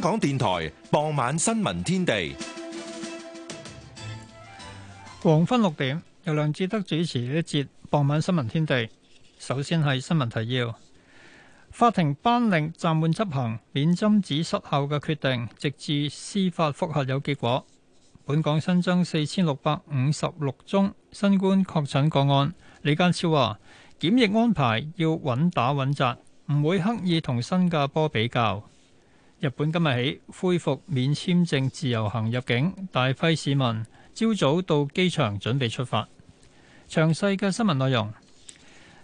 香港電台傍晚新聞天地，黃昏六點由梁志德主持一節傍晚新聞天地。首先係新聞提要：法庭頒令暫緩執行免針紙失效嘅決定，直至司法覆核有結果。本港新增四千六百五十六宗新冠確診個案。李家超話檢疫安排要穩打穩紮，唔會刻意同新加坡比較。日本今日起恢復免簽證自由行入境，大批市民朝早到機場準備出發。詳細嘅新聞內容，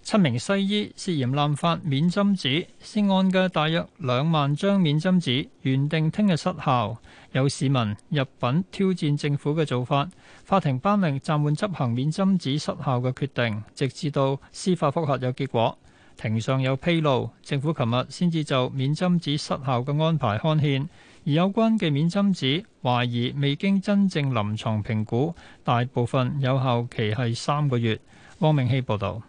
七名西醫涉嫌濫發免針紙，涉案嘅大約兩萬張免針紙原定聽日失效，有市民入禀挑戰政府嘅做法，法庭頒令暫緩執行免針紙失效嘅決定，直至到司法覆核有結果。庭上有披露，政府琴日先至就免針紙失效嘅安排刊憲，而有關嘅免針紙，懷疑未經真正臨床評估，大部分有效期係三個月。汪明希報導。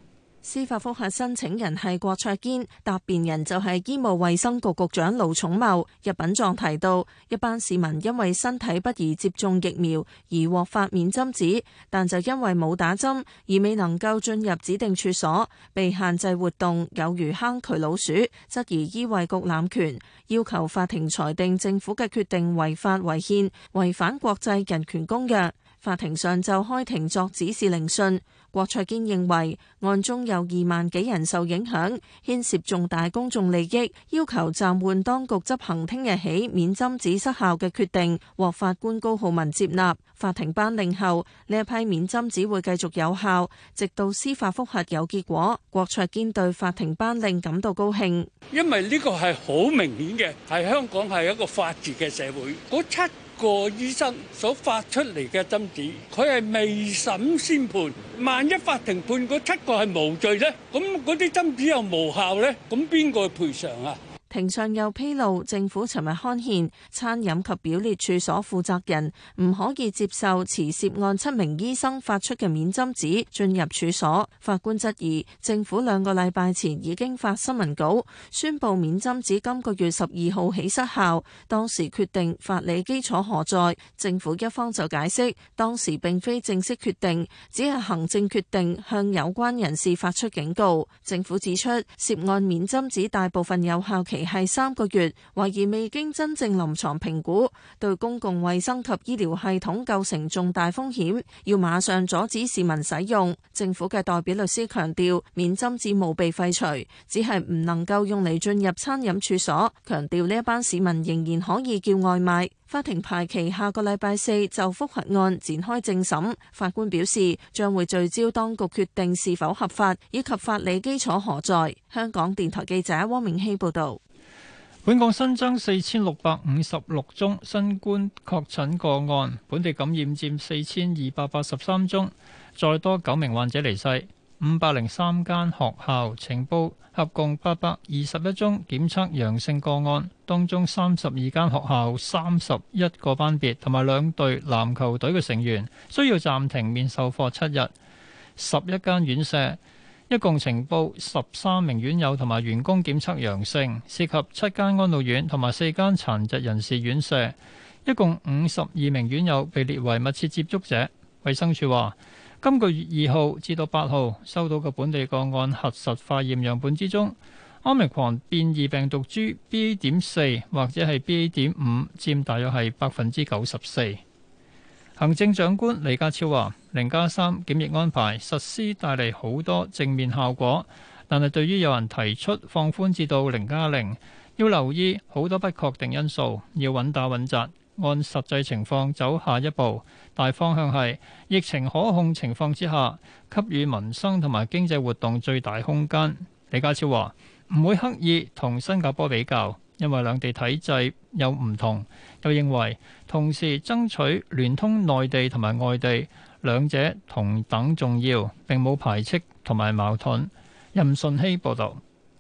司法覆核申請人係郭卓堅，答辯人就係醫務衛生局局長盧寵茂。入稟狀提到，一班市民因為身體不宜接種疫苗而獲發免針紙，但就因為冇打針而未能夠進入指定處所，被限制活動，有如坑渠老鼠，質疑醫衞局濫權，要求法庭裁定政府嘅決定違法違憲，違反國際人權公約。法庭上就開庭作指示聆訊。郭卓堅認為案中有二萬幾人受影響，牽涉重大公眾利益，要求暫緩當局執行聽日起免針紙失效嘅決定，獲法官高浩文接納。法庭頒令後，呢一批免針紙會繼續有效，直到司法覆核有結果。郭卓堅對法庭頒令感到高興，因為呢個係好明顯嘅，係香港係一個法治嘅社會。郭七個醫生所發出嚟嘅針紙，佢係未審先判。萬一法庭判個七個係無罪咧，咁嗰啲針紙又無效咧，咁邊個去賠償啊？庭上又披露，政府尋日刊憲，餐飲及表列處所負責人唔可以接受持涉案七名醫生發出嘅免針紙進入處所。法官質疑，政府兩個禮拜前已經發新聞稿宣佈免針紙今個月十二號起失效，當時決定法理基礎何在？政府一方就解釋，當時並非正式決定，只係行政決定向有關人士發出警告。政府指出，涉案免針紙大部分有效期。係三個月，懷疑未經真正臨床評估，對公共衛生及醫療系統構成重大風險，要馬上阻止市民使用。政府嘅代表律師強調，免針紙冇被廢除，只係唔能夠用嚟進入餐飲處所。強調呢一班市民仍然可以叫外賣。法庭排期下個禮拜四就復核案展開正審。法官表示，將會聚焦當局決定是否合法，以及法理基礎何在。香港電台記者汪明希報道。本港新增四千六百五十六宗新冠確診個案，本地感染佔四千二百八十三宗，再多九名患者離世。五百零三間學校呈報合共八百二十一宗檢測陽性個案，當中三十二間學校三十一個班別同埋兩隊籃球隊嘅成員需要暫停面授課七日，十一間院舍，一共呈報十三名院友同埋員工檢測陽性，涉及七間安老院同埋四間殘疾人士院舍，一共五十二名院友被列為密切接觸者。衛生署話，今個月二號至到八號收到嘅本地個案核實化驗樣本之中，Omicron 變異病毒株 B A 點四或者係 B A 點五，佔大約係百分之九十四。行政長官李家超話：零加三檢疫安排實施帶嚟好多正面效果，但係對於有人提出放寬至到零加零，0，要留意好多不確定因素，要穩打穩紮，按實際情況走下一步。大方向係疫情可控情況之下，給予民生同埋經濟活動最大空間。李家超話：唔會刻意同新加坡比較。因為兩地體制有唔同，又認為同時爭取聯通內地同埋外地兩者同等重要，並冇排斥同埋矛盾。任信希報導。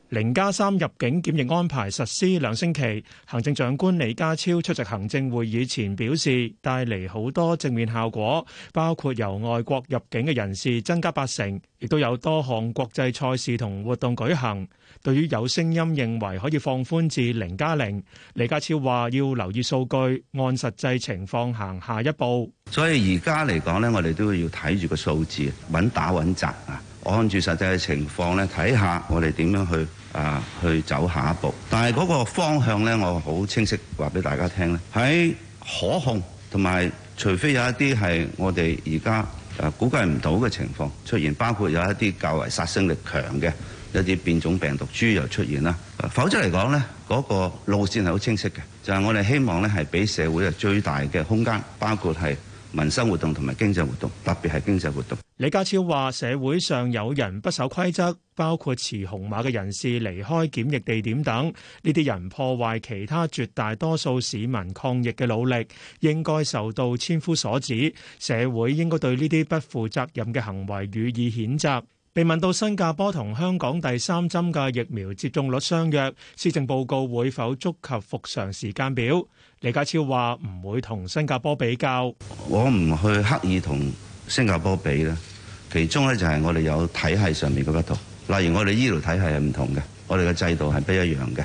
零加三入境檢疫安排實施兩星期，行政長官李家超出席行政會議前表示，帶嚟好多正面效果，包括由外國入境嘅人士增加八成，亦都有多項國際賽事同活動舉行。對於有聲音認為可以放寬至零加零，李家超話要留意數據，按實際情況行下一步。所以而家嚟講呢，我哋都要睇住個數字，穩打穩紮啊！我按住實際嘅情況呢，睇下我哋點樣去啊、呃，去走下一步。但係嗰個方向呢，我好清晰話俾大家聽呢，喺可控，同埋除非有一啲係我哋而家估計唔到嘅情況出現，包括有一啲較為殺傷力強嘅一啲變種病毒株又出現啦。否則嚟講呢，嗰、嗰個路線係好清晰嘅，就係、是、我哋希望呢係俾社會最大嘅空間，包括係。民生活動同埋經濟活動，特別係經濟活動。李家超話：社會上有人不守規則，包括持紅碼嘅人士離開檢疫地點等，呢啲人破壞其他絕大多數市民抗疫嘅努力，應該受到千夫所指。社會應該對呢啲不負責任嘅行為予以譴責。被問到新加坡同香港第三針嘅疫苗接種率相若，施政報告會否觸及復常時間表？李家超話唔會同新加坡比較，我唔去刻意同新加坡比咧。其中咧就係我哋有體系上面嘅不同，例如我哋醫療體系係唔同嘅，我哋嘅制度係不一樣嘅。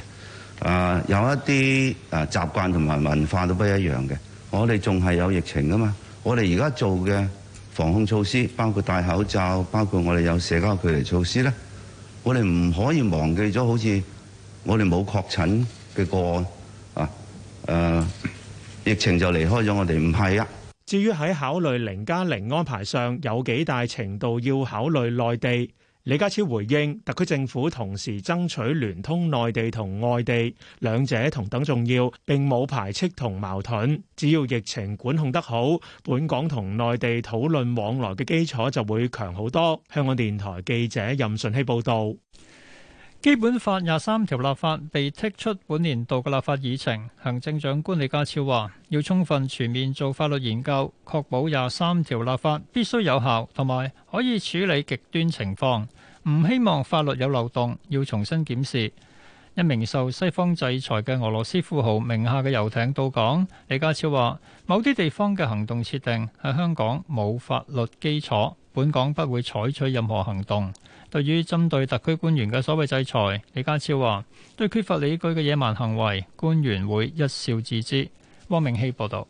啊、呃，有一啲啊習慣同埋文化都不一樣嘅。我哋仲係有疫情噶嘛。我哋而家做嘅防控措施，包括戴口罩，包括我哋有社交距離措施咧。我哋唔可以忘記咗，好似我哋冇確診嘅個案。誒、啊、疫情就離開咗我哋唔係啊。至於喺考慮零加零安排上有幾大程度要考慮內地，李家超回應，特區政府同時爭取聯通內地同外地兩者同等重要，並冇排斥同矛盾。只要疫情管控得好，本港同內地討論往來嘅基礎就會強好多。香港電台記者任順希報導。基本法廿三條立法被剔出本年度嘅立法議程，行政長官李家超話要充分全面做法律研究，確保廿三條立法必須有效，同埋可以處理極端情況，唔希望法律有漏洞，要重新檢視。一名受西方制裁嘅俄羅斯富豪名下嘅遊艇到港，李家超話某啲地方嘅行動設定喺香港冇法律基礎。本港不會採取任何行動。對於針對特區官員嘅所謂制裁，李家超話：對缺乏理據嘅野蠻行為，官員會一笑置之。汪明熙報導。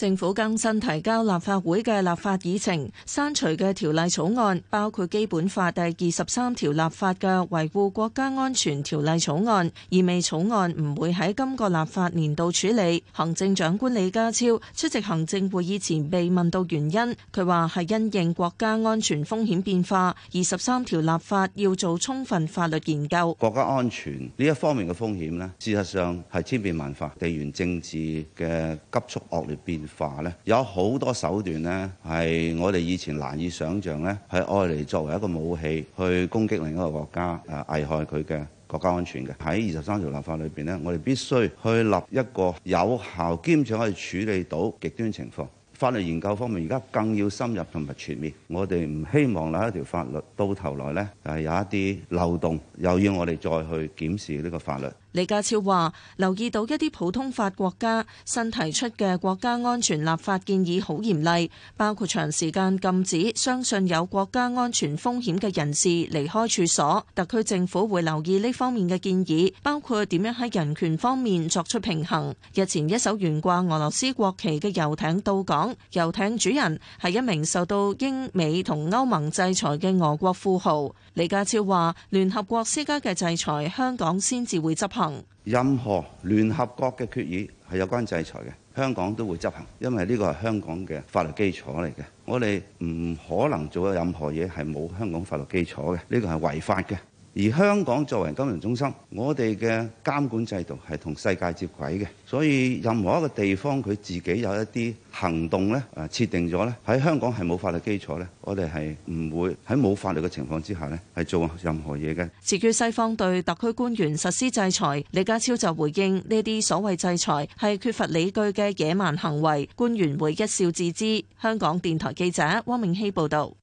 政府更新提交立法會嘅立法議程，刪除嘅條例草案包括《基本法》第二十三條立法嘅維護國家安全條例草案，意味草案唔會喺今個立法年度處理。行政長官李家超出席行政會議前被問到原因，佢話係因應國家安全風險變化，二十三條立法要做充分法律研究。國家安全呢一方面嘅風險呢，事實上係千變萬化，地緣政治嘅急速惡劣變化咧，有好多手段呢，係我哋以前難以想象呢，係愛嚟作為一個武器去攻擊另一個國家，誒、啊、危害佢嘅國家安全嘅。喺二十三條立法裏邊呢，我哋必須去立一個有效兼且可以處理到極端情況。法律研究方面，而家更要深入同埋全面。我哋唔希望有一條法律到頭來呢，係、啊、有一啲漏洞，又要我哋再去檢視呢個法律。李家超話：留意到一啲普通法國家新提出嘅國家安全立法建議好嚴厲，包括長時間禁止相信有國家安全風險嘅人士離開處所。特區政府會留意呢方面嘅建議，包括點樣喺人權方面作出平衡。日前一艘懸掛俄羅斯國旗嘅遊艇到港，遊艇主人係一名受到英美同歐盟制裁嘅俄國富豪。李家超話：聯合國施加嘅制裁，香港先至會執行。任何聯合國嘅決議係有關制裁嘅，香港都會執行，因為呢個係香港嘅法律基礎嚟嘅。我哋唔可能做任何嘢係冇香港法律基礎嘅，呢個係違法嘅。而香港作為金融中心，我哋嘅監管制度係同世界接軌嘅，所以任何一個地方佢自己有一啲行動咧，誒設定咗咧，喺香港係冇法律基礎咧，我哋係唔會喺冇法律嘅情況之下咧，係做任何嘢嘅。至於西方對特區官員實施制裁，李家超就回應呢啲所謂制裁係缺乏理據嘅野蠻行為，官員會一笑置之。香港電台記者汪明希報導。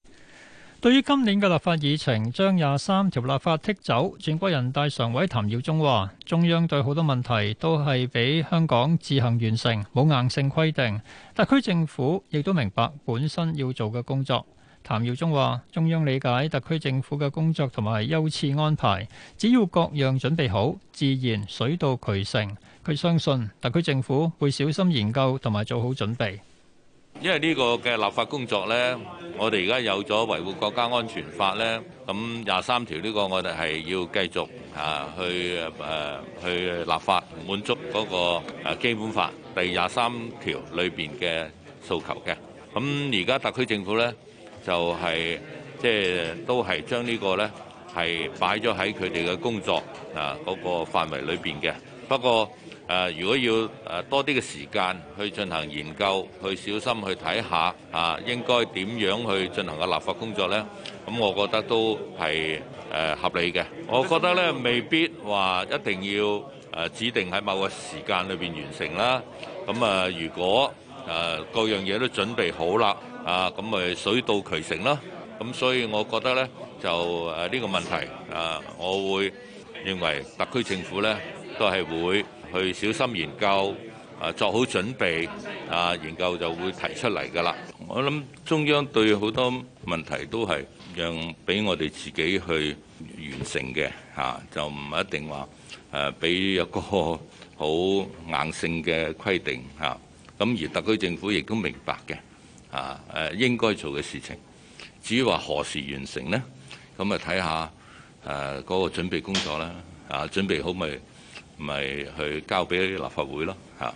對於今年嘅立法議程，將廿三條立法剔走，全國人大常委譚耀宗話：中央對好多問題都係俾香港自行完成，冇硬性規定。特區政府亦都明白本身要做嘅工作。譚耀宗話：中央理解特區政府嘅工作同埋優次安排，只要各樣準備好，自然水到渠成。佢相信特區政府會小心研究同埋做好準備。因為呢個嘅立法工作呢，我哋而家有咗維護國家安全法呢，咁廿三條呢個我哋係要繼續啊去誒去立法，滿足嗰個誒基本法第廿三條裏邊嘅訴求嘅。咁而家特區政府呢就係即係都係將呢個呢係擺咗喺佢哋嘅工作啊嗰個範圍裏邊嘅，不過，誒，如果要誒多啲嘅時間去進行研究，去小心去睇下啊，應該點樣去進行嘅立法工作呢？咁我覺得都係誒合理嘅。我覺得呢，未必話一定要誒指定喺某個時間裏邊完成啦。咁啊，如果誒各樣嘢都準備好啦，啊，咁咪水到渠成啦。咁所以，我覺得呢，就誒呢個問題啊，我會認為特區政府呢都係會去小心研究，啊，做好準備，啊，研究就會提出嚟㗎啦。我諗中央對好多問題都係讓俾我哋自己去完成嘅，嚇就唔一定話誒俾一個好硬性嘅規定嚇。咁而特區政府亦都明白嘅，啊誒應該做嘅事情。至於話何時完成呢？咁啊睇下誒嗰個準備工作啦，啊準備好未？咪去交俾立法會咯，嚇。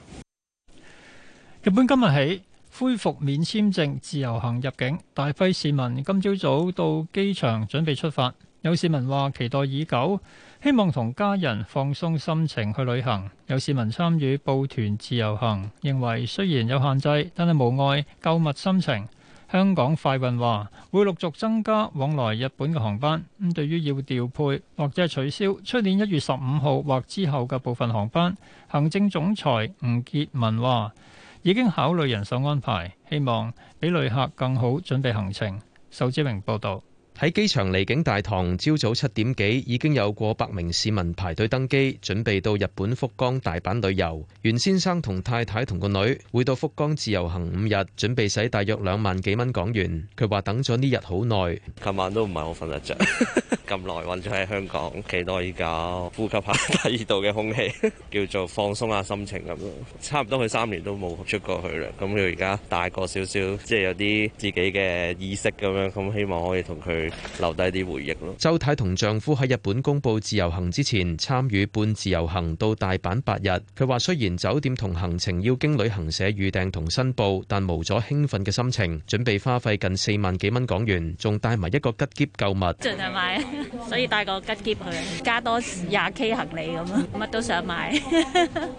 日本今日起恢復免簽證自由行入境，大批市民今朝早，早到機場準備出發。有市民話期待已久，希望同家人放鬆心情去旅行。有市民參與報團自由行，認為雖然有限制，但係無礙購物心情。香港快運話會陸續增加往來日本嘅航班。咁對於要調配或者取消出年一月十五號或之後嘅部分航班，行政總裁吳潔文話已經考慮人手安排，希望俾旅客更好準備行程。仇志明報導。喺機場離境大堂，朝早七點幾已經有過百名市民排隊登機，準備到日本福岡、大阪旅遊。袁先生同太太同個女會到福岡自由行五日，準備使大約兩萬幾蚊港元。佢話等咗呢日好耐，琴晚都唔係好瞓得著，咁耐揾咗喺香港，幾多依家，呼吸下第二度嘅空氣，叫做放鬆下心情咁咯。差唔多佢三年都冇出過去啦，咁佢而家大個少少，即係有啲自己嘅意識咁樣，咁希望可以同佢。留低啲回憶咯。周太同丈夫喺日本公布自由行之前，參與半自由行到大阪八日。佢話雖然酒店同行程要經旅行社預訂同申報，但冇咗興奮嘅心情，準備花費近四萬幾蚊港元，仲帶埋一個吉喼購物。就係帶埋，所以帶個吉喼去，加多廿 K 行李咁咯，乜都想買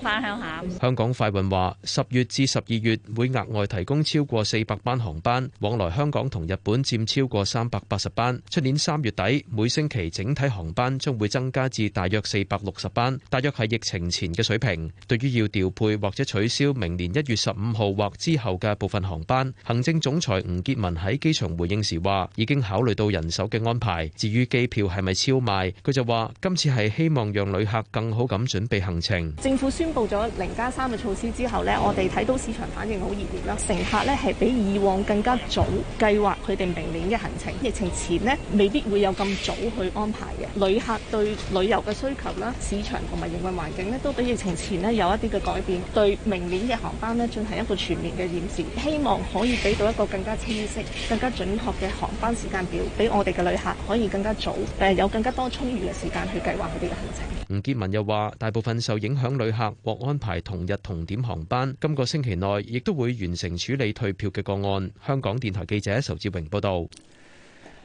翻鄉下。香港快運話，十月至十二月會額外提供超過四百班航班往來香港同日本，佔超過三百八十八。出年三月底，每星期整體航班將會增加至大約四百六十班，大約係疫情前嘅水平。對於要調配或者取消明年一月十五號或之後嘅部分航班，行政總裁吳潔文喺機場回應時話：已經考慮到人手嘅安排。至於機票係咪超賣，佢就話今次係希望讓旅客更好咁準備行程。政府宣布咗零加三嘅措施之後呢，我哋睇到市場反應好熱烈啦，乘客呢係比以往更加早計劃佢哋明年嘅行程，疫情前未必會有咁早去安排嘅旅客對旅遊嘅需求啦，市場同埋營運環境呢，都比疫情前呢有一啲嘅改變。對明年嘅航班呢，進行一個全面嘅檢視，希望可以俾到一個更加清晰、更加準確嘅航班時間表，俾我哋嘅旅客可以更加早誒，有更加多充裕嘅時間去計劃佢哋嘅行程。吳傑文又話：大部分受影響旅客獲安排同日同點航班，今個星期內亦都會完成處理退票嘅個案。香港電台記者仇志榮報導。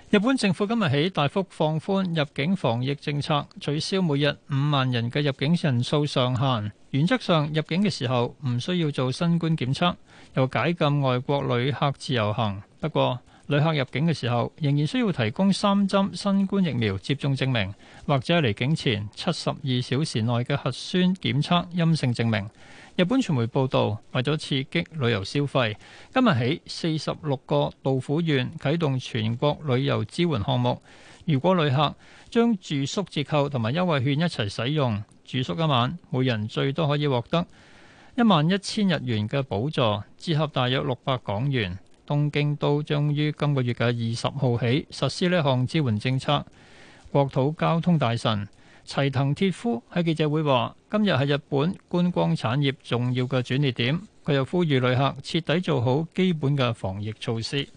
日本政府今日起大幅放寬入境防疫政策，取消每日五萬人嘅入境人數上限。原則上，入境嘅時候唔需要做新冠檢測，又解禁外國旅客自由行。不過旅客入境嘅時候仍然需要提供三針新冠疫苗接種證明，或者嚟境前七十二小時內嘅核酸檢測陰性證明。日本傳媒報道，為咗刺激旅遊消費，今日起四十六個道府縣啓動全國旅遊支援項目。如果旅客將住宿折扣同埋優惠券一齊使用，住宿一晚，每人最多可以獲得一萬一千日元嘅補助，折合大約六百港元。東京都將於今個月嘅二十號起實施呢項支援政策。國土交通大臣齊藤鐵夫喺記者會話：今日係日本觀光產業重要嘅轉捩點，佢又呼籲旅客徹底做好基本嘅防疫措施。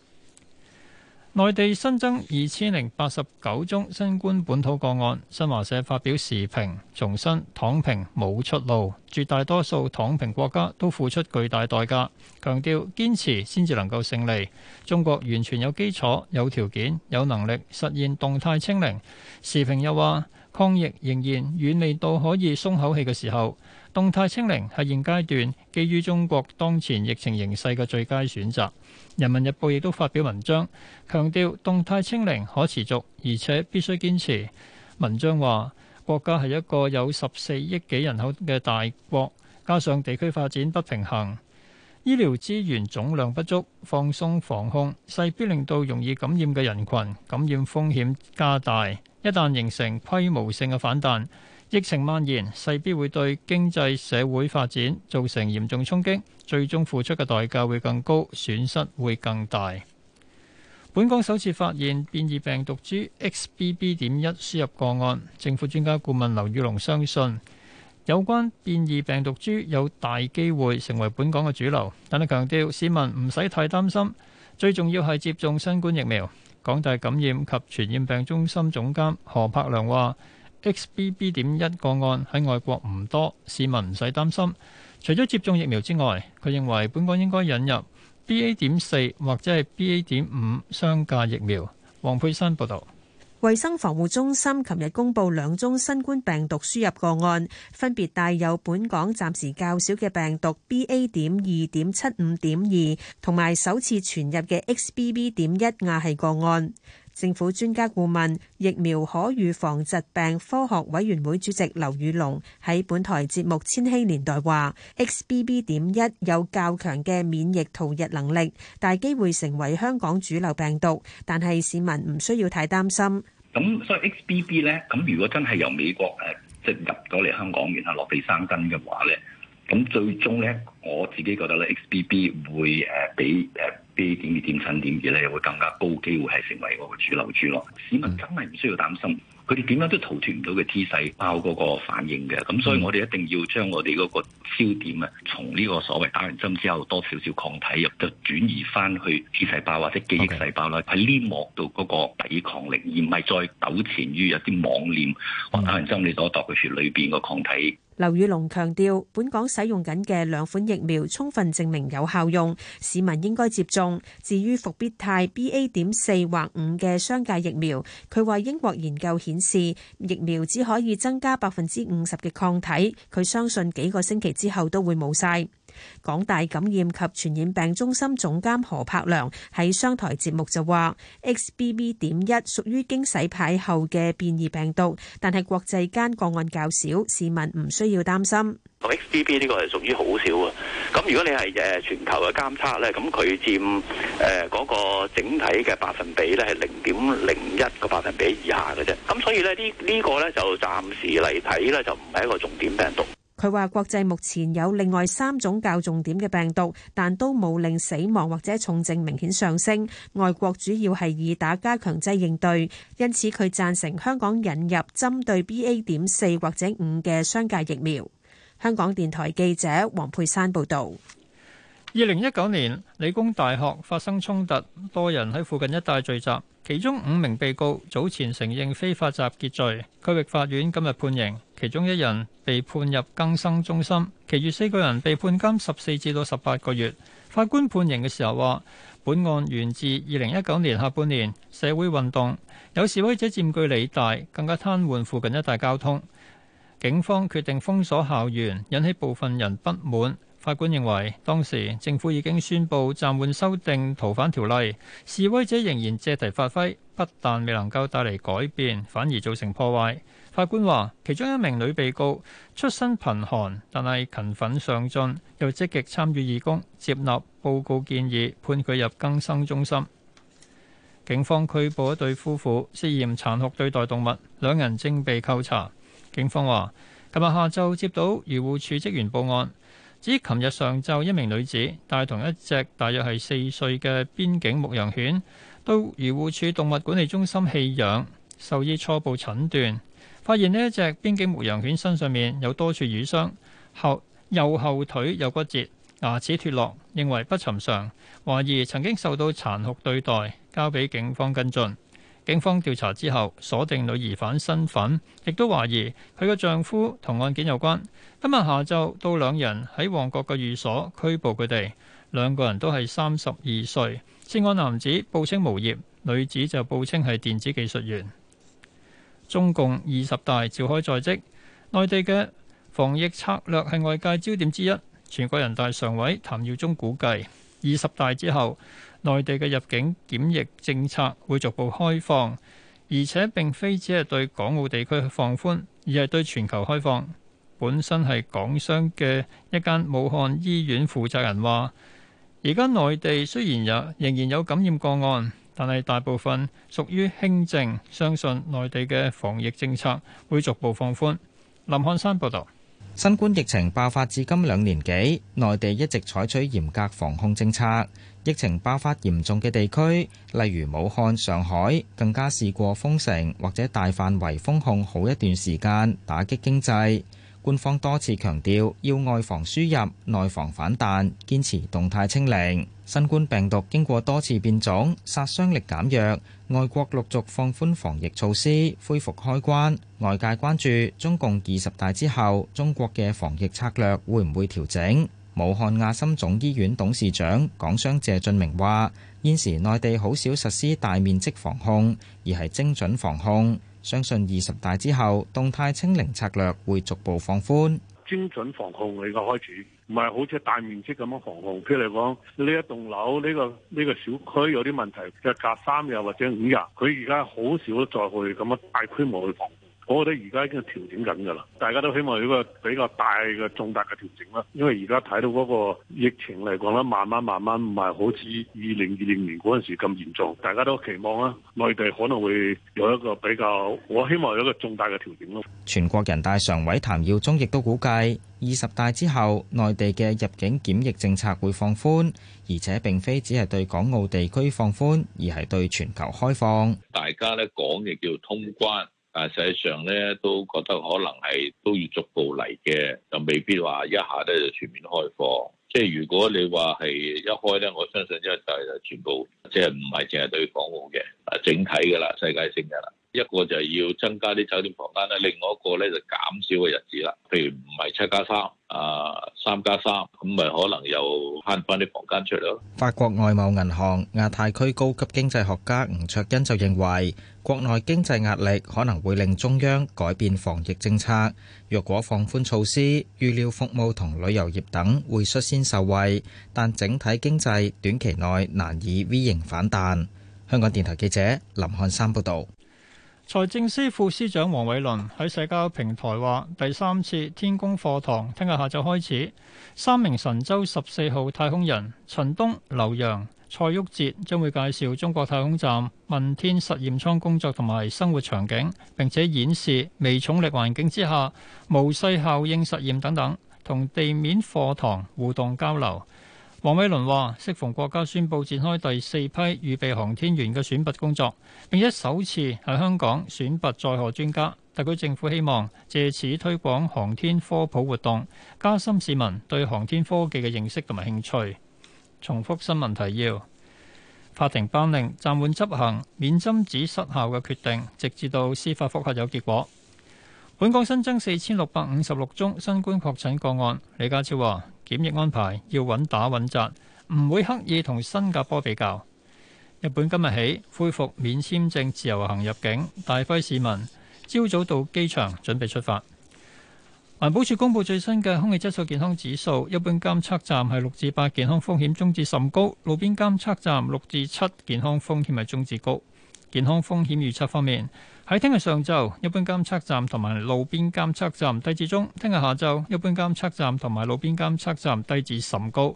內地新增二千零八十九宗新冠本土個案。新華社發表時評：重申躺平冇出路，絕大多數躺平國家都付出巨大代價。強調堅持先至能夠勝利。中國完全有基礎、有條件、有能力實現動態清零。時評又話，抗疫仍然遠未到可以鬆口氣嘅時候，動態清零係現階段基於中國當前疫情形勢嘅最佳選擇，人民日報亦都發表文章，強調動態清零可持續，而且必須堅持。文章話國家係一個有十四億幾人口嘅大國，加上地區發展不平衡，醫療資源總量不足，放鬆防控勢必令到容易感染嘅人群感染風險加大。一旦形成規模性嘅反彈，疫情蔓延，勢必會對經濟社會發展造成嚴重衝擊，最終付出嘅代價會更高，損失會更大。本港首次發現變異病毒株 XBB. 點一輸入個案，政府專家顧問劉宇龍相信有關變異病毒株有大機會成為本港嘅主流，但係強調市民唔使太擔心，最重要係接種新冠疫苗。港大感染及傳染病中心總監何柏良話：XBB 點一個案喺外國唔多，市民唔使擔心。除咗接種疫苗之外，佢認為本港應該引入 BA 點四或者係 BA 點五雙價疫苗。黃佩珊報道。衛生防護中心琴日公布兩宗新冠病毒輸入個案，分別帶有本港暫時較少嘅病毒 BA 點二點七五點二，同埋首次傳入嘅 XBB 點一亞系個案。政府專家顧問、疫苗可預防疾病科學委員會主席劉宇龍喺本台節目《千禧年代》話：XBB. 點一有較強嘅免疫逃逸能力，大機會成為香港主流病毒。但係市民唔需要太擔心。咁所以 XBB 咧，咁如果真係由美國誒即係入咗嚟香港，然後落地生根嘅話咧，咁最終咧我自己覺得咧 XBB 會誒俾誒。呃啲點二點三點二咧，會更加高機會係成為嗰個主流株。市民真係唔需要擔心，佢哋點樣都逃脫唔到嘅 T 細胞嗰個反應嘅。咁所以我哋一定要將我哋嗰個焦點啊，從呢個所謂打完針之後多少少抗體入，就轉移翻去 T 細胞或者記憶細胞啦，喺黏膜度嗰個抵抗力，而唔係再糾纏於有啲網鏈或打完針你所度嘅血裏邊個抗體。 劉宇龍強調，本港使用緊嘅兩款疫苗充分證明有效用，市民應該接種。至於復必泰 B A 點四或五嘅商界疫苗，佢話英國研究顯示，疫苗只可以增加百分之五十嘅抗體，佢相信幾個星期之後都會冇晒。港大感染及傳染病中心總監何柏良喺商台節目就話：XBB. 點一屬於經洗牌後嘅變異病毒，但係國際間個案較少，市民唔需要擔心。XBB 呢個係屬於好少啊！咁如果你係誒全球嘅監測咧，咁佢佔誒嗰個整體嘅百分比咧係零點零一個百分比以下嘅啫。咁所以咧呢呢個咧就暫時嚟睇咧就唔係一個重點病毒。佢話：國際目前有另外三種較重點嘅病毒，但都冇令死亡或者重症明顯上升。外國主要係以打加強劑應對，因此佢贊成香港引入針對 B A. 點四或者五嘅雙價疫苗。香港電台記者黃佩珊報道。二零一九年，理工大學發生衝突，多人喺附近一帶聚集，其中五名被告早前承認非法集結罪，區域法院今日判刑，其中一人被判入更生中心，其餘四個人被判監十四至到十八個月。法官判刑嘅時候話，本案源自二零一九年下半年社會運動，有示威者佔據理大，更加癱瘓附近一帶交通，警方決定封鎖校園，引起部分人不滿。法官認為，當時政府已經宣布暫緩修訂逃犯條例，示威者仍然借題發揮，不但未能夠帶嚟改變，反而造成破壞。法官話，其中一名女被告出身貧寒，但係勤奮上進，又積極參與義工，接納報告建議，判佢入更生中心。警方拘捕一對夫婦，涉嫌殘酷對待動物，兩人正被扣查。警方話，琴日下晝接到漁護署職員報案。指琴日上晝，一名女子帶同一隻大約係四歲嘅邊境牧羊犬到漁護處動物管理中心棄養，獸醫初步診斷發現呢一隻邊境牧羊犬身上面有多處瘀傷，後右後腿有骨折，牙齒脫落，認為不尋常，懷疑曾經受到殘酷對待，交俾警方跟進。警方調查之後鎖定女疑犯身份，亦都懷疑佢嘅丈夫同案件有關。今日下晝到兩人喺旺角嘅寓所拘捕佢哋，兩個人都係三十二歲。涉案男子報稱無業，女子就報稱係電子技術員。中共二十大召開在即，內地嘅防疫策略係外界焦點之一。全國人大常委譚耀宗估計，二十大之後，內地嘅入境檢疫政策會逐步開放，而且並非只係對港澳地區放寬，而係對全球開放。本身係港商嘅一間武漢醫院負責人話：而家內地雖然有仍然有感染個案，但係大部分屬於輕症，相信內地嘅防疫政策會逐步放寬。林漢山報導：新冠疫情爆發至今兩年幾，內地一直採取嚴格防控政策。疫情爆發嚴重嘅地區，例如武漢、上海，更加試過封城或者大範圍封控好一段時間，打擊經濟。官方多次強調要外防輸入、內防反彈，堅持動態清零。新冠病毒經過多次變種，殺傷力減弱，外國陸續放寬防疫措施，恢復開關。外界關注中共二十大之後，中國嘅防疫策略會唔會調整？武漢亞心總醫院董事長港商謝俊明話：現時內地好少實施大面積防控，而係精準防控。相信二十大之後，動態清零策略會逐步放寬。精準防控係個開始，唔係好似大面積咁樣防控。譬如嚟講呢一棟樓、呢個呢個小區有啲問題，就隔三日或者五日，佢而家好少再去咁樣大規模去防控。我覺得而家已經係調整緊㗎啦，大家都希望有個比較大嘅重大嘅調整啦。因為而家睇到嗰個疫情嚟講咧，慢慢慢慢唔係好似二零二零年嗰陣時咁嚴重，大家都期望啊，內地可能會有一個比較，我希望有一個重大嘅調整咯。全國人大常委譚耀宗亦都估計，二十大之後，內地嘅入境檢疫政策會放寬，而且並非只係對港澳地區放寬，而係對全球開放。大家咧講嘅叫通關。但實際上咧，都覺得可能係都要逐步嚟嘅，就未必話一下咧就全面開放。即係如果你話係一開咧，我相信一就係全部，即係唔係淨係對港澳嘅，啊，整體嘅啦，世界性嘅啦。一個就係要增加啲酒店房間啦，另外一個咧就減少嘅日子啦。譬如唔係七加三啊，三加三咁咪可能又慳翻啲房間出嚟咯。法國外貿銀行亞太區高級經濟學家吳卓恩就認為。國內經濟壓力可能會令中央改變防疫政策。若果放寬措施，預料服務同旅遊業等會率先受惠，但整體經濟短期內難以 V 型反彈。香港電台記者林漢山報導。財政司副司長黃偉倫喺社交平台話：第三次天宮課堂聽日下晝開始，三名神舟十四號太空人陳冬、劉洋、蔡旭哲將會介紹中國太空站問天實驗艙工作同埋生活場景，並且演示微重力環境之下無勢效應實驗等等，同地面課堂互動交流。王偉倫話：適逢國家宣布展開第四批預備航天員嘅選拔工作，並且首次喺香港選拔載荷專家。特區政府希望借此推廣航天科普活動，加深市民對航天科技嘅認識同埋興趣。重複新聞提要，法庭頒令暫緩執行免針紙失效嘅決定，直至到司法覆核有結果。本港新增四千六百五十六宗新冠確診個案，李家超話檢疫安排要穩打穩紮，唔會刻意同新加坡比較。日本今日起恢復免簽證自由行入境，大批市民朝早到機場準備出發。環保署公布最新嘅空氣質素健康指數，一般監測站係六至八，健康風險中至甚高；路邊監測站六至七，健康風險係中至高。健康風險預測方面，喺聽日上晝，一般監測站同埋路邊監測站低至中；聽日下晝，一般監測站同埋路邊監測站低至甚高。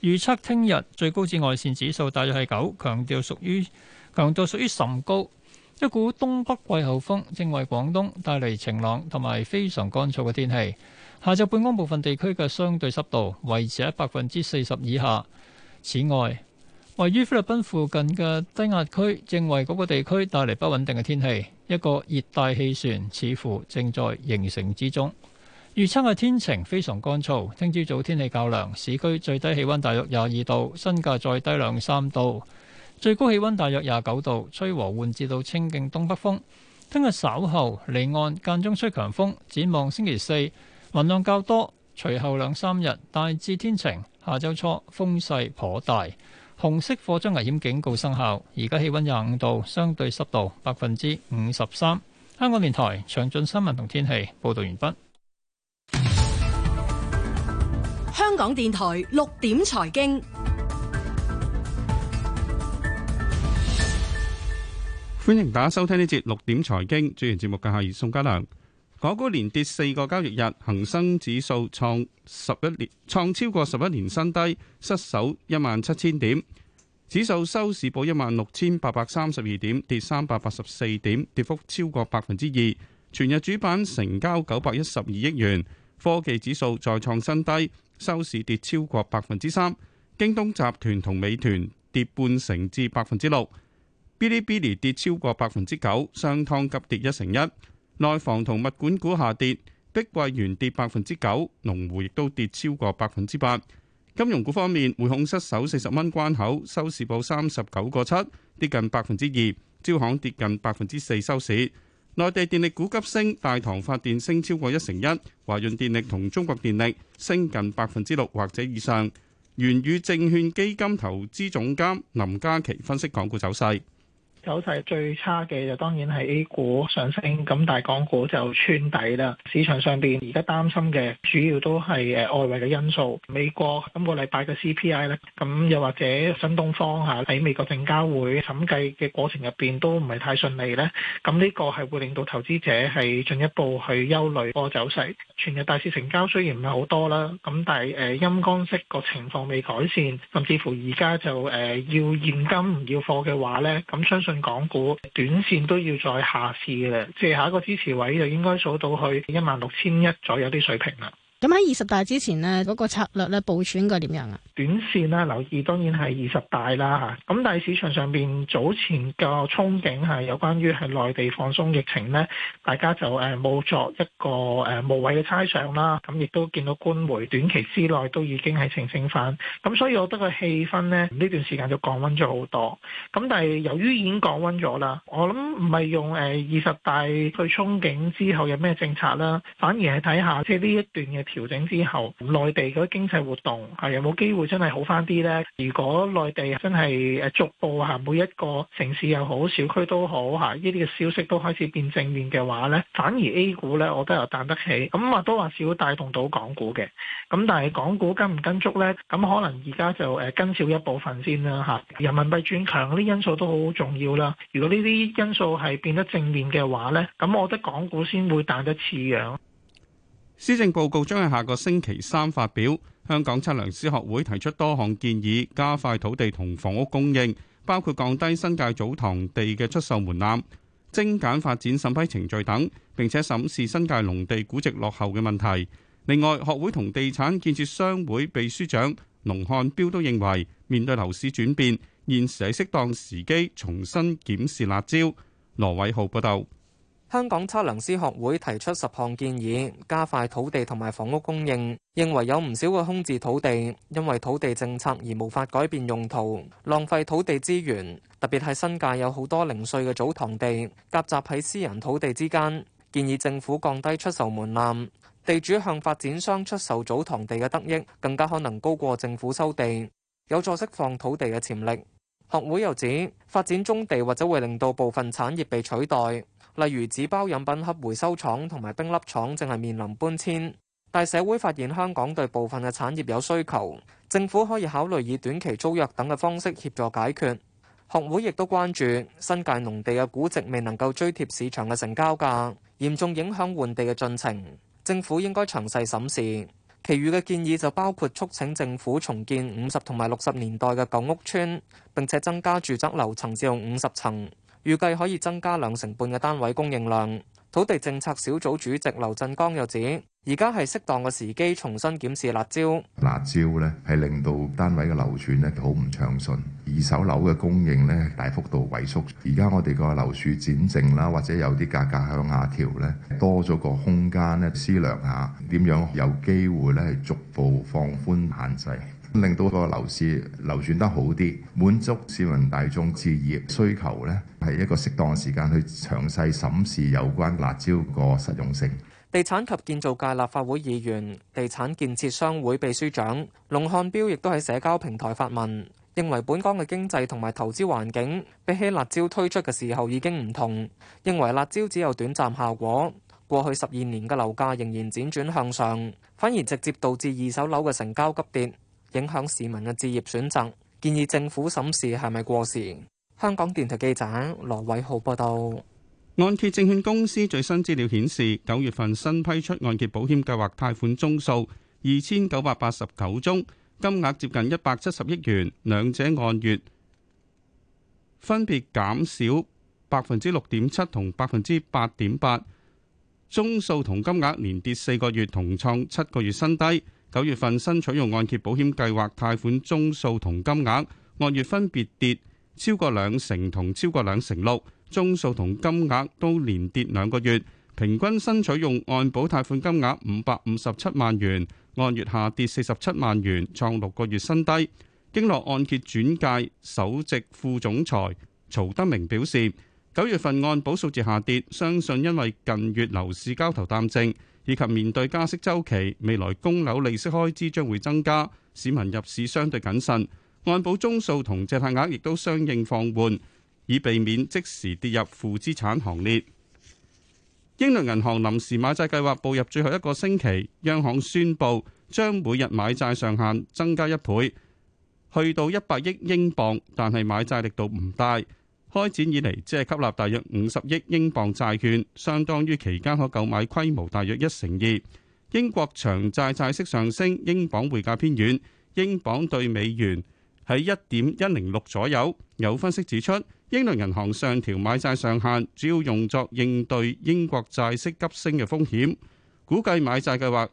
預測聽日最高紫外線指數大約係九，強度屬於強度屬於甚高。一股東北季候風正為廣東帶嚟晴朗同埋非常乾燥嘅天氣，下晝半江部分地區嘅相對濕度維持喺百分之四十以下。此外，位於菲律賓附近嘅低壓區正為嗰個地區帶嚟不穩定嘅天氣，一個熱帶氣旋似乎正在形成之中。預測嘅天晴非常乾燥。聽朝早天氣較涼，市區最低氣温大約廿二度，新界再低兩三度。最高氣溫大約廿九度，吹和緩至到清勁東北風。聽日稍後離岸間中吹強風，展望星期四雲量較多，隨後兩三日大致天晴。下周初風勢頗大，紅色火災危險警告生效。而家氣溫廿五度，相對濕度百分之五十三。香港電台詳盡新聞同天氣報道完畢。香港電台六點財經。歡迎大家收聽呢節六點財經，主持節目嘅係宋家良。港股連跌四個交易日，恒生指數創十一年創超過十一年新低，失守一萬七千點。指數收市報一萬六千八百三十二點，跌三百八十四點，跌幅超過百分之二。全日主板成交九百一十二億元，科技指數再創新低，收市跌超過百分之三。京東集團同美團跌半成至百分之六。嗶哩嗶哩跌超過百分之九，商湯急跌一成一。內房同物管股下跌，碧桂園跌百分之九，龍湖亦都跌超過百分之八。金融股方面，匯控失守四十蚊關口，收市報三十九個七，跌近百分之二；招行跌近百分之四收市。內地電力股急升，大唐發電升超過一成一，華潤電力同中國電力升近百分之六或者以上。源宇證券基金投資總監林嘉琪分析港股走勢。走勢最差嘅就當然係 A 股上升，咁但係港股就穿底啦。市場上邊而家擔心嘅主要都係誒外圍嘅因素，美國今個禮拜嘅 CPI 咧，咁又或者新東方嚇喺美國證交會審計嘅過程入邊都唔係太順利咧，咁呢個係會令到投資者係進一步去憂慮個走勢。全日大市成交雖然唔係好多啦，咁但係誒陰乾式個情況未改善，甚至乎而家就誒要現金唔要貨嘅話咧，咁相信。港股短線都要再下試嘅即係下一個支持位就應該數到去一萬六千一左右啲水平啦。咁喺二十大之前呢，嗰、那個策略咧部署應該點樣啊？短線啦、啊，留意當然係二十大啦嚇。咁但係市場上邊早前個憧憬係、啊、有關於係內地放鬆疫情咧，大家就誒冇、呃、作一個誒、呃、無謂嘅猜想啦、啊。咁亦都見到官媒短期之內都已經係澄清翻。咁所以我覺得個氣氛咧呢段時間就降溫咗好多。咁但係由於已經降溫咗啦，我諗唔係用誒二十大去憧憬之後有咩政策啦，反而係睇下即係呢一段嘅。調整之後，內地嗰經濟活動係有冇機會真係好翻啲呢？如果內地真係誒逐步嚇每一個城市又好，小區都好嚇，呢啲嘅消息都開始變正面嘅話呢，反而 A 股呢，我都有彈得起，咁或多或少帶動到港股嘅。咁但係港股跟唔跟足呢？咁可能而家就誒跟少一部分先啦嚇。人民幣轉強啲因素都好重要啦。如果呢啲因素係變得正面嘅話呢，咁我覺得港股先會彈得似樣。施政報告將喺下個星期三發表。香港測量師學會提出多項建議，加快土地同房屋供應，包括降低新界祖堂地嘅出售門檻、精簡發展審批程序等，並且審視新界農地估值落後嘅問題。另外，學會同地產建設商會秘書長龍漢標都認為，面對樓市轉變，現時係適當時機重新檢視辣招。羅偉浩報道。香港測量師學會提出十項建議，加快土地同埋房屋供應，認為有唔少嘅空置土地，因為土地政策而無法改變用途，浪費土地資源，特別係新界有好多零碎嘅祖堂地，夾雜喺私人土地之間。建議政府降低出售門檻，地主向發展商出售祖堂地嘅得益，更加可能高過政府收地，有助釋放土地嘅潛力。學會又指，發展棕地或者會令到部分產業被取代。例如紙包飲品盒回收廠同埋冰粒廠正係面臨搬遷，但社會發現香港對部分嘅產業有需求，政府可以考慮以短期租約等嘅方式協助解決。學會亦都關注新界農地嘅估值未能夠追貼市場嘅成交價，嚴重影響換地嘅進程。政府應該詳細審視。其餘嘅建議就包括促請政府重建五十同埋六十年代嘅舊屋邨，並且增加住宅樓層至用五十層。預計可以增加兩成半嘅單位供應量。土地政策小組主席劉振剛又指，而家係適當嘅時機重新檢視辣招。辣招呢係令到單位嘅流轉咧好唔暢順，二手樓嘅供應咧大幅度萎縮。而家我哋個樓市展靜啦，或者有啲價格,格向下調咧，多咗個空間呢，思量下點樣有機會咧係逐步放寬限制。令到個樓市流轉得好啲，滿足市民大眾置業需求，呢係一個適當時間去詳細審視有關辣招個實用性。地產及建造界立法會議員、地產建設商會秘書長龍漢標亦都喺社交平台發文，認為本港嘅經濟同埋投資環境比起辣招推出嘅時候已經唔同。認為辣招只有短暫效果，過去十二年嘅樓價仍然輾轉向上，反而直接導致二手樓嘅成交急跌。影響市民嘅置業選擇，建議政府審視係咪過時。香港電台記者羅偉浩報道。按揭證券公司最新資料顯示，九月份新批出按揭保險計劃貸款宗數二千九百八十九宗，金額接近一百七十億元。兩者按月分別減少百分之六點七同百分之八點八，宗數同金額連跌四個月，同創七個月新低。九月份新取用按揭保險計劃貸款宗數同金額，按月分別跌超過兩成同超過兩成六，宗數同金額都連跌兩個月。平均新取用按保貸款金額五百五十七萬元，按月下跌四十七萬元，創六個月新低。經絡按揭轉介首席副總裁曹德明表示，九月份按保數字下跌，相信因為近月樓市交投淡靜。以及面對加息周期，未來供樓利息開支將會增加，市民入市相對謹慎。按保宗數同借貸額亦都相應放緩，以避免即時跌入負資產行列。英倫銀行臨時買債計劃步入最後一個星期，央行宣布將每日買債上限增加一倍，去到一百億英鎊，但係買債力度唔大。開展以嚟只係吸納大約五十億英鎊債券，相當於期間可購買規模大約一成二。英國長債債息上升，英鎊匯價偏軟，英鎊對美元喺一點一零六左右。有分析指出，英倫銀行上調買債上限，主要用作應對英國債息急升嘅風險。估計買債計劃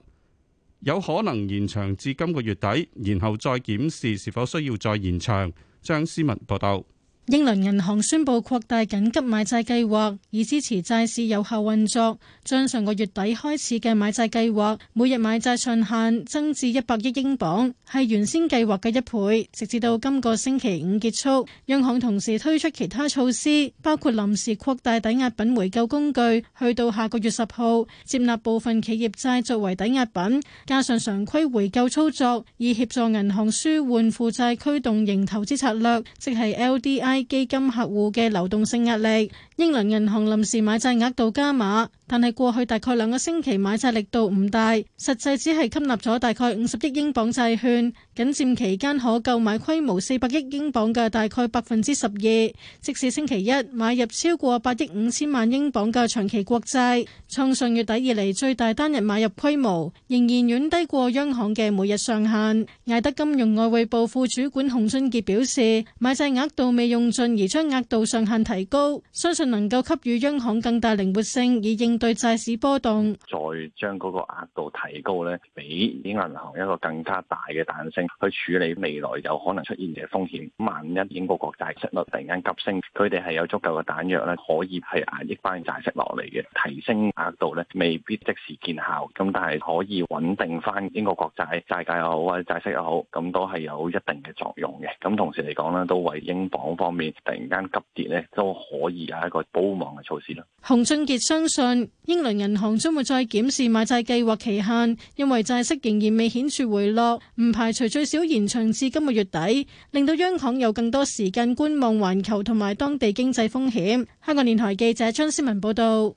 有可能延長至今個月底，然後再檢視是否需要再延長。張思文報道。英倫銀行宣佈擴大緊急買債計劃，以支持債市有效運作。將上個月底開始嘅買債計劃，每日買債上限增至一百億英鎊，係原先計劃嘅一倍，直至到今個星期五結束。央行同時推出其他措施，包括臨時擴大抵押品回購工具，去到下個月十號接納部分企業債作為抵押品，加上常規回購操作，以協助銀行舒緩負債驅動型投資策略，即係 LDI。基金客戶嘅流動性壓力。英格蘭銀行臨時買債額度加碼，但係過去大概兩個星期買債力度唔大，實際只係吸納咗大概五十億英鎊債券。緊佔期間可購買規模四百億英鎊嘅大概百分之十二。即使星期一買入超過八億五千萬英鎊嘅長期國債，創上月底以嚟最大單日買入規模，仍然遠低過央行嘅每日上限。艾德金融外匯部副主管洪俊傑表示，買債額度未用盡而將額度上限提高，相信。能夠給予央行更大靈活性以應對債市波動，再將嗰個額度提高咧，俾啲銀行一個更加大嘅彈性去處理未來有可能出現嘅風險。萬一英國國債息率突然間急升，佢哋係有足夠嘅彈藥咧，可以係壓抑翻債息落嚟嘅。提升額度咧，未必即時見效，咁但係可以穩定翻英國國債債界又好或者債息又好，咁都係有一定嘅作用嘅。咁同時嚟講咧，都為英鎊方面突然間急跌咧，都可以啊。個補望嘅措施咯。洪俊杰相信，英倫銀行將會再檢視買債計劃期限，因為債息仍然未顯著回落，唔排除最少延長至今個月底，令到央行有更多時間觀望環球同埋當地經濟風險。香港電台記者張思文報道。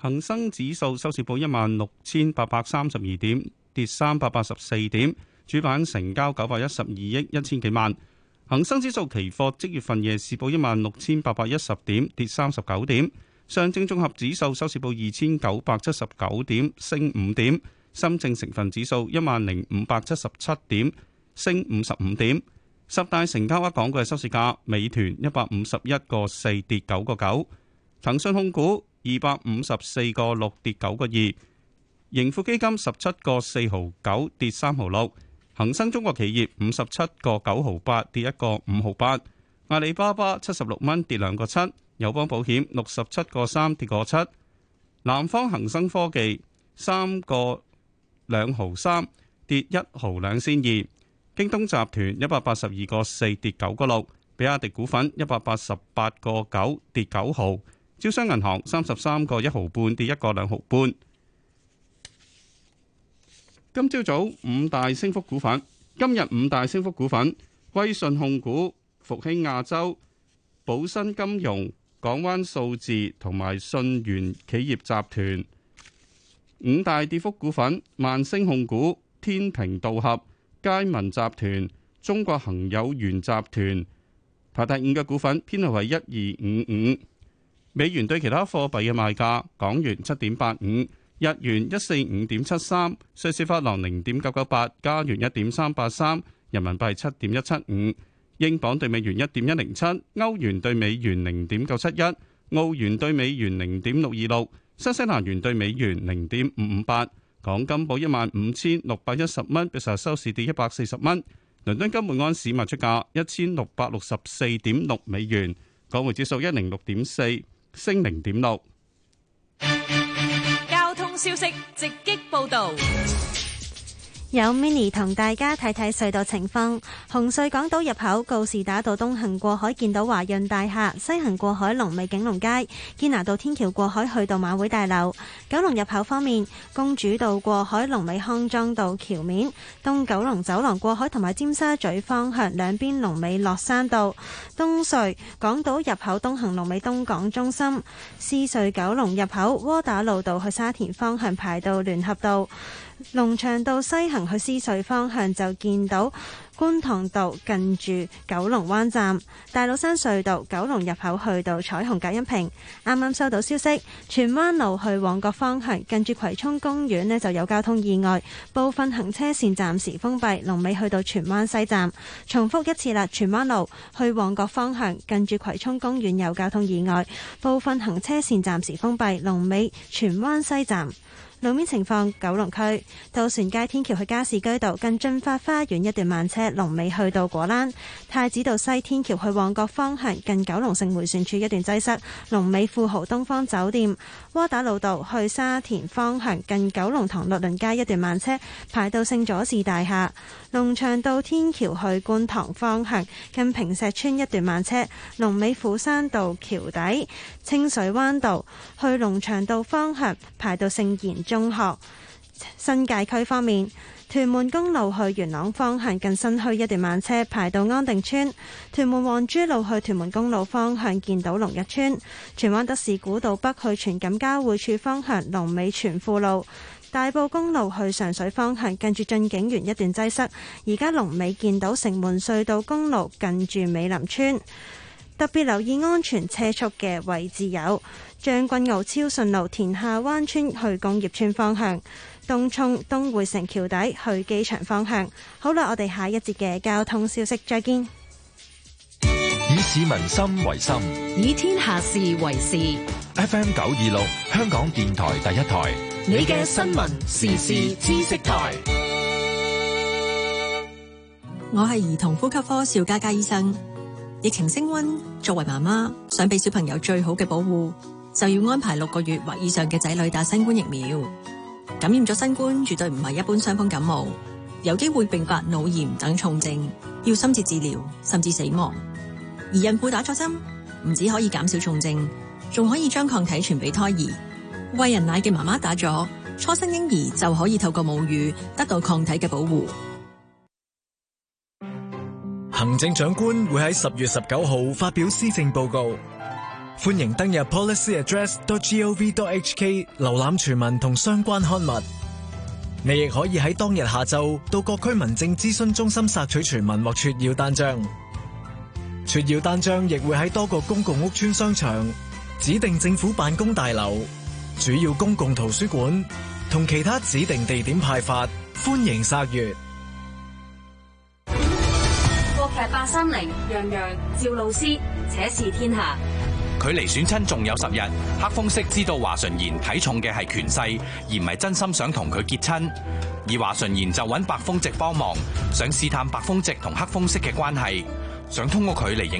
恒生指數收市報一萬六千八百三十二點，跌三百八十四點，主板成交九百一十二億一千幾萬。恒生指數期貨即月份夜市報一萬六千八百一十點，跌三十九點。上證綜合指數收市報二千九百七十九點，升五點。深證成分指數一萬零五百七十七點，升五十五點。十大成交額港股嘅收市價：美團一百五十一個四跌九個九，騰訊控股二百五十四個六跌九個二，盈富基金十七個四毫九跌三毫六。恒生中國企業五十七個九毫八，跌一個五毫八。阿里巴巴七十六蚊，跌兩個七。友邦保險六十七個三，跌個七。南方恒生科技三個兩毫三，跌一毫兩仙二。京東集團一百八十二個四，跌九個六。比亞迪股份一百八十八個九，跌九毫。招商銀行三十三個一毫半，跌一個兩毫半。今朝早五大升幅股份，今日五大升幅股份：威信控股、復興亞洲、寶新金融、港灣數字同埋信源企業集團。五大跌幅股份：萬星控股、天平道合、佳民集團、中國恆友源集團。排第五嘅股份，編號為一二五五。美元對其他貨幣嘅賣價，港元七點八五。日元一四五點七三，瑞士法郎零點九九八，加元一點三八三，人民幣七點一七五，英鎊對美元一點一零七，歐元對美元零點九七一，澳元對美元零點六二六，新西蘭元對美元零點五五八。港金報一萬五千六百一十蚊，比成日收市跌一百四十蚊。倫敦金每安士賣出價一千六百六十四點六美元。港匯指數一零六點四，升零點六。消息直擊報導。有 mini 同大家睇睇隧道情況。紅隧港島入口告士打道東行過海，見到華潤大廈；西行過海龍尾景隆街，堅拿道天橋過海去到馬會大樓。九龍入口方面，公主道過海龍尾康莊道橋面，東九龍走廊過海同埋尖沙咀方向兩邊龍尾落山道。東隧港島入口東行龍尾東港中心，獅隧九龍入口窩打老道去沙田方向排到聯合道。龍翔道西行去獅隧方向就見到觀塘道近住九龍灣站，大老山隧道九龍入口去到彩虹隔音屏。啱啱收到消息，荃灣路去旺角方向近住葵涌公園呢就有交通意外，部分行車線暫時封閉，龍尾去到荃灣西站。重複一次啦，荃灣路去旺角方向近住葵涌公園有交通意外，部分行車線暫時封閉，龍尾荃灣西站。路面情況，九龍區渡船街天橋去加士居道近俊發花園一段慢車，龍尾去到果欄；太子道西天橋去旺角方向近九龍城迴旋處一段擠塞，龍尾富豪東方酒店；窩打老道去沙田方向近九龍塘律倫街一段慢車排到聖佐治大廈；龍翔道天橋去觀塘方向近坪石村一段慢車，龍尾虎山道橋底清水灣道去龍翔道方向排到聖賢。中學新界區方面，屯門公路去元朗方向近新墟一段慢車排到安定村；屯門皇珠路去屯門公路方向見到龍逸村；荃灣德士古道北去荃錦交匯處方向龍尾荃富路；大埔公路去上水方向近住駿景園一段擠塞，而家龍尾見到城門隧道公路近住美林村。特別留意安全車速嘅位置有。將軍澳超順路田下灣村去工業村方向，東涌東薈城橋底去機場方向。好啦，我哋下一節嘅交通消息再見。以市民心為心，以天下事為事。FM 九二六，香港電台第一台，你嘅新聞時事知識台。我係兒童呼吸科邵嘉嘉醫生。疫情升溫，作為媽媽，想俾小朋友最好嘅保護就要安排六個月或以上嘅仔女打新冠疫苗。感染咗新冠絕對唔係一般傷風感冒，有機會併發腦炎等重症，要深切治療，甚至死亡。而孕婦打咗針，唔止可以減少重症，仲可以將抗體傳俾胎兒。喂人奶嘅媽媽打咗，初生嬰兒就可以透過母乳得到抗體嘅保護。行政長官會喺十月十九號發表施政報告。歡迎登入 policyaddress.gov.hk 瀏覽全文同相關刊物。你亦可以喺當日下晝到各區民政諮詢中心索取全文或撮要單張。撮要單張亦會喺多個公共屋邨、商場、指定政府辦公大樓、主要公共圖書館同其他指定地點派發。歡迎查閱。國劇八三零，楊洋、趙露思，且試天下。距離選親仲有十日，黑風息知道華順賢睇重嘅係權勢，而唔係真心想同佢結親。而華順賢就揾白風夕幫忙，想試探白風夕同黑風息嘅關係，想通過佢嚟。